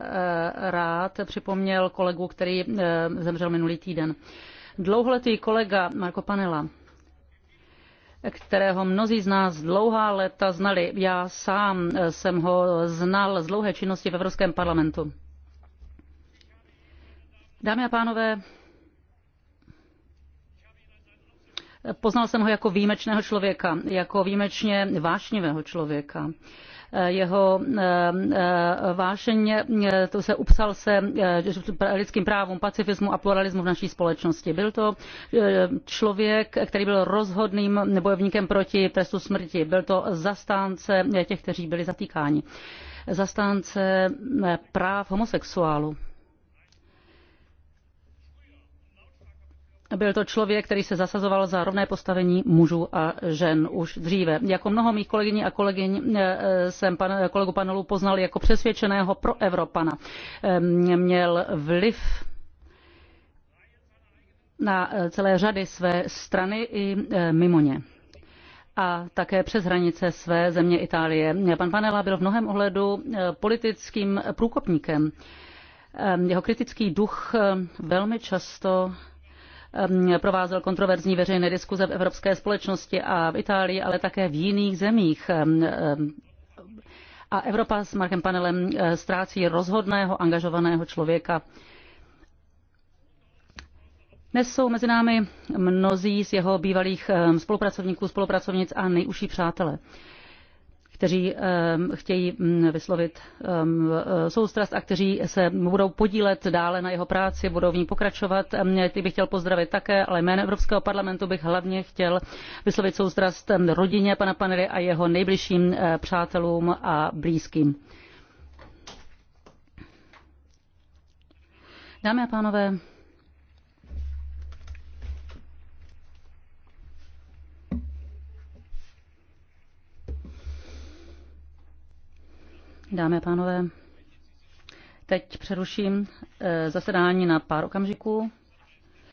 Eh, rád připomněl kolegu, který eh, zemřel minulý týden. Dlouholetý kolega Marko Panela, kterého mnozí z nás dlouhá léta znali. Já sám eh, jsem ho znal z dlouhé činnosti v Evropském parlamentu. Dámy a pánové, Poznal jsem ho jako výjimečného člověka, jako výjimečně vášnivého člověka eh, jeho eh, eh, vášeně, to se upsal se lidským právům, pacifismu a pluralismu v naší společnosti. Byl to člověk, který byl rozhodným bojovníkem proti trestu smrti. Byl to zastánce těch, kteří byli zatýkáni. Zastánce práv homosexuálů Byl to člověk, který se zasazoval za rovné postavení mužů a žen už dříve. Jako mnoho mých kolegyní a kolegyň eh, jsem pan, kolegu panelu poznal jako přesvědčeného pro Evropana. Eh, měl vliv na eh, celé řady své strany i mimo ně a také přes hranice své země Itálie. Pan Panela byl v mnohem ohledu politickým průkopníkem. Jeho kritický duch velmi často Ehm, provázel kontroverzní veřejné diskuze v evropské společnosti a v Itálii, ale také v jiných zemích. Ehm, ehm, a Evropa s Markem Panelem eh, ztrácí rozhodného, angažovaného člověka. Dnes jsou mezi námi mnozí z jeho bývalých spolupracovníků, spolupracovnic a nejužší přátelé kteří ehm, chtějí mm, vyslovit ehm, e, soustrast a kteří se budou podílet dále na jeho práci, budou v ní pokračovat. Ehm, ty bych chtěl pozdravit také, ale jménem Evropského parlamentu bych hlavně chtěl vyslovit soustrast rodině pana Panery a jeho nejbližším e, přátelům a blízkým. Dámy a pánové, Dámy a pánové, teď přeruším eh, zasedání na pár okamžiků.